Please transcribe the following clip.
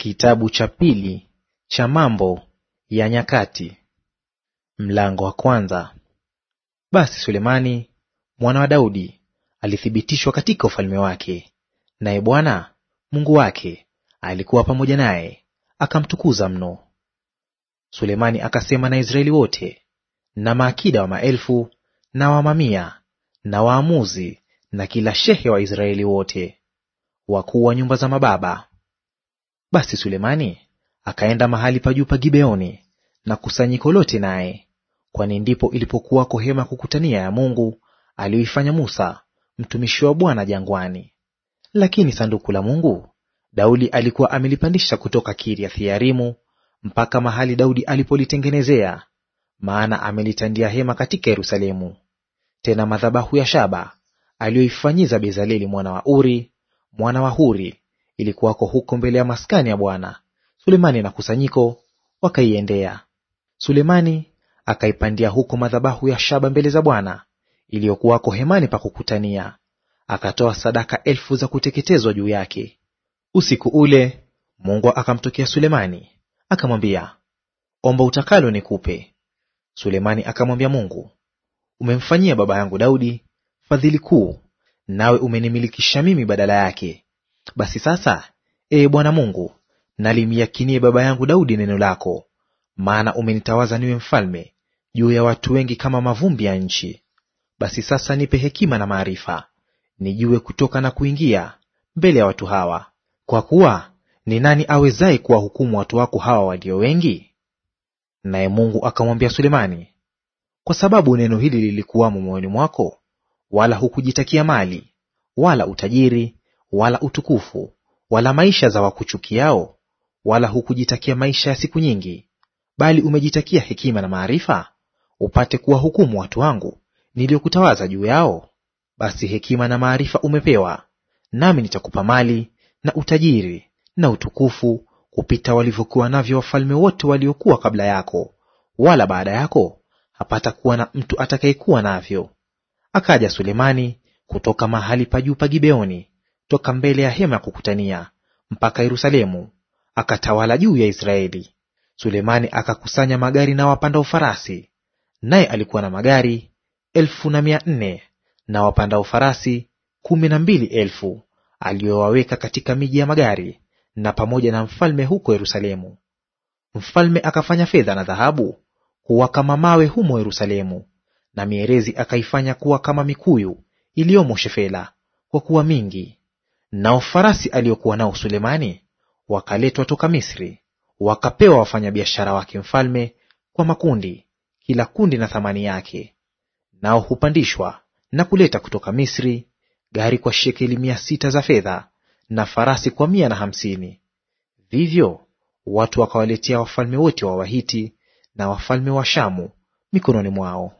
Kitabu cha pili cha Mambo ya Nyakati mlango wa kwanza. Basi Sulemani mwana wa Daudi alithibitishwa katika ufalme wake, naye Bwana Mungu wake alikuwa pamoja naye, akamtukuza mno. Sulemani akasema na Israeli wote na maakida wa maelfu na wa mamia na waamuzi na kila shehe wa Israeli wote, wakuu wa nyumba za mababa basi Sulemani akaenda mahali pa juu pa Gibeoni na kusanyiko lote naye, kwani ndipo ilipokuwako hema ya kukutania ya Mungu aliyoifanya Musa mtumishi wa Bwana jangwani. Lakini sanduku la Mungu Daudi alikuwa amelipandisha kutoka Kiriath-Yearimu mpaka mahali Daudi alipolitengenezea, maana amelitandia hema katika Yerusalemu. Tena madhabahu ya shaba aliyoifanyiza Bezaleli mwana wa Uri mwana wa Huri ilikuwako huko mbele ya maskani ya Bwana. Sulemani na kusanyiko wakaiendea. Sulemani akaipandia huko madhabahu ya shaba mbele za Bwana iliyokuwako hemani pa kukutania, akatoa sadaka elfu za kuteketezwa juu yake. Usiku ule Mungu akamtokea Sulemani akamwambia, omba utakalo nikupe. Sulemani akamwambia Mungu, umemfanyia baba yangu Daudi fadhili kuu, nawe umenimilikisha mimi badala yake basi sasa, ee Bwana Mungu, nalimyakinie baba yangu Daudi neno lako, maana umenitawaza niwe mfalme juu ya watu wengi kama mavumbi ya nchi. Basi sasa nipe hekima na maarifa, nijue kutoka na kuingia mbele ya watu hawa, kwa kuwa ni nani awezaye kuwahukumu watu wako hawa walio wengi? Naye Mungu akamwambia Sulemani, kwa sababu neno hili lilikuwamo moyoni mwako, wala hukujitakia mali wala utajiri wala utukufu, wala maisha za wakuchukiao, wala hukujitakia maisha ya siku nyingi, bali umejitakia hekima na maarifa, upate kuwahukumu watu wangu niliyokutawaza juu yao. Basi hekima na maarifa umepewa, nami nitakupa mali na utajiri na utukufu kupita walivyokuwa navyo wafalme wote waliokuwa kabla yako, wala baada yako hapata kuwa na mtu atakayekuwa navyo. Akaja Sulemani kutoka mahali pa juu pa Gibeoni toka mbele ya hema ya kukutania mpaka Yerusalemu, akatawala juu ya Israeli. Sulemani akakusanya magari na wapanda ufarasi, naye alikuwa na magari elfu na mia nne na wapanda ufarasi kumi na mbili elfu aliyowaweka katika miji ya magari na pamoja na mfalme huko Yerusalemu. Mfalme akafanya fedha na dhahabu kuwa kama mawe humo Yerusalemu, na mierezi akaifanya kuwa kama mikuyu iliyomo Shefela, kwa kuwa mingi. Nao farasi aliyokuwa nao Sulemani wakaletwa toka Misri, wakapewa wafanyabiashara wake mfalme kwa makundi, kila kundi na thamani yake. Nao hupandishwa na kuleta kutoka Misri gari kwa shekeli mia sita za fedha na farasi kwa mia na hamsini. Vivyo watu wakawaletea wafalme wote wa Wahiti na wafalme wa Shamu mikononi mwao.